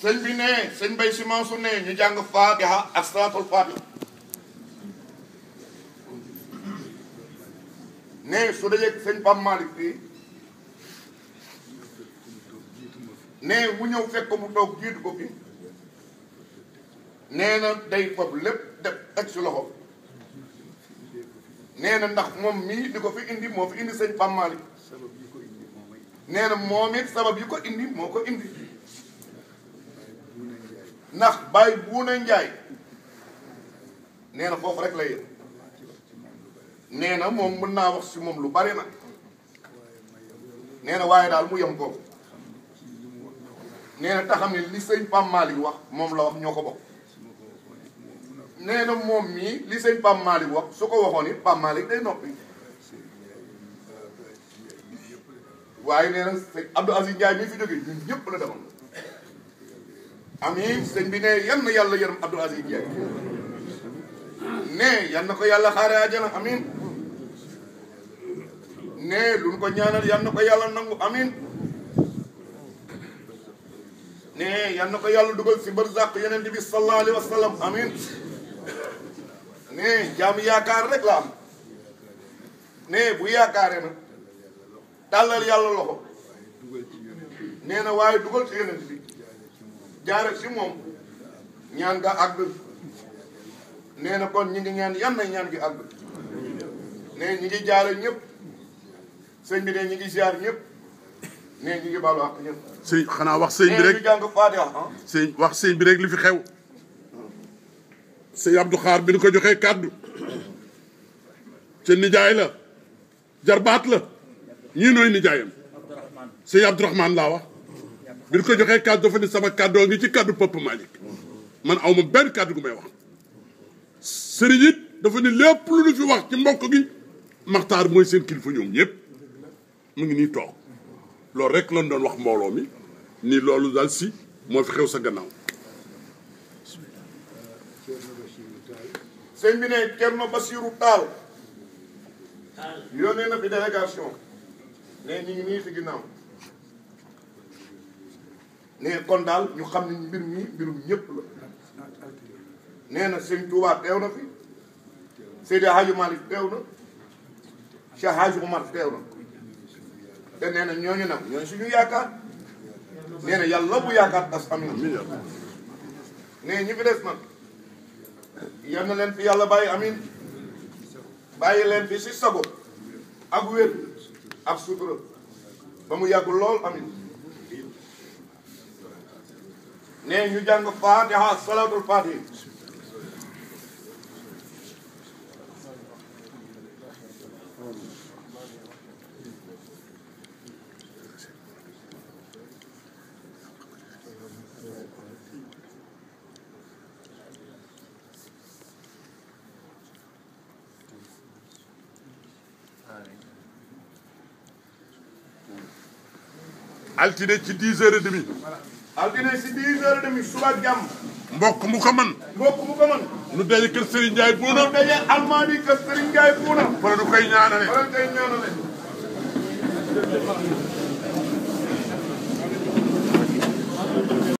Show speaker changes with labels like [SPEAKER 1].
[SPEAKER 1] sëñ bi ne sëñ Bay Si Mansour ne ñu jàng Fatiha ak salaatul Fatiha ne su dee sëñ Pape Malick bi ne mu ñëw fekk mu toog jiitu ko fi nee na day fab lépp de teg si loxo nee na ndax moom mii di ko fi indi moo fi indi sëñ Pape Malick nee na moom it sabab yi ko indi moo ko indi ndax bàyyi buuna njaay nee na foofu rek la yem nee na moom mën naa wax si moom lu bari na nee na waaye daal mu yem kooku nee na taxam ne li sëñ Pam Malick wax moom la wax ñoo ko bokk nee na moom mii li sëñ Pam Malick wax su ko waxoon it Pam day noppi waaye nee na sëñ Abdou Aziz mii fi jógee ñun ñëpp la demal amiin sëñ bi ne yan na yàlla yërëm Abdou Aziz Ndiaye ne yan na ko yàlla xaare àjjana amiin ne lu ko ñaanal yan na ko yàlla nangu amiin ne yan na ko yàlla dugal si barzaq yonent bi sallallahu alayhi wa sallam amiin ne jaamu yaakaar rek la am bu yaakaaree na tàllal yàlla loxo nee na waaye dugal ci jaare si moom ñaan nga àgg nee na kon ñi ngi ñaan yan na ñaan gi àgg nee ñi ngi jaare ñëpp sëñ bi ne ñi ngi ziar ñëpp nee ñi ngi baalu
[SPEAKER 2] àq ñëpp sëñ xanaa wax sëñ bi rek jàng faatiha wax sëñ bi rek li fi xew sëñ Abdou Xaar bi ñu ko joxee kàddu ca nijaay la jarbaat la ñii nooy nijaayam sëñ Abdourahman laa wax bi ñu ko joxee kàddu dafa ne sama kàddoo ngi ci kàddu Pape Malick man aw ma benn kàddu gu may wax sëriñ it dafa ne lépp lu ñu fi wax ci mbokk gi maxtaar mooy seen kilifa ñoom ñëpp mu ngi nii toog loolu rek lañ doon wax mbooloo mi nii loolu dal si moo fi xew sa gannaaw
[SPEAKER 1] sëñ bi ne Thierno Bassirou Tall yónnee na fi ñu ngi ne kon daal ñu xam ne mbir mi mbirum ñëpp la nee na sëñ Tuubaa teew na fi Seydi Hadji Malick teew na Cheikh Hadji Omar teew na te nee na ñooñu nag ñooñu yaakaar nee yàlla bu yaakaar tas am nee ñi fi des nag leen fi yàlla bàyyi amin bàyyi leen fi si sago ak wér ak sutura ba mu yàgg lool amin ne ñu jàng fatiha salatul fatiha
[SPEAKER 2] altine ci dix heures et demie altine si dix heures suba jàmm. mbokk mu ko mën. mbokk mu ko mën. nu daje kër Serigne Ndiaye nu daje almaami kër Serigne Ndiaye Bouna. wala nu koy ñaanale. wala nu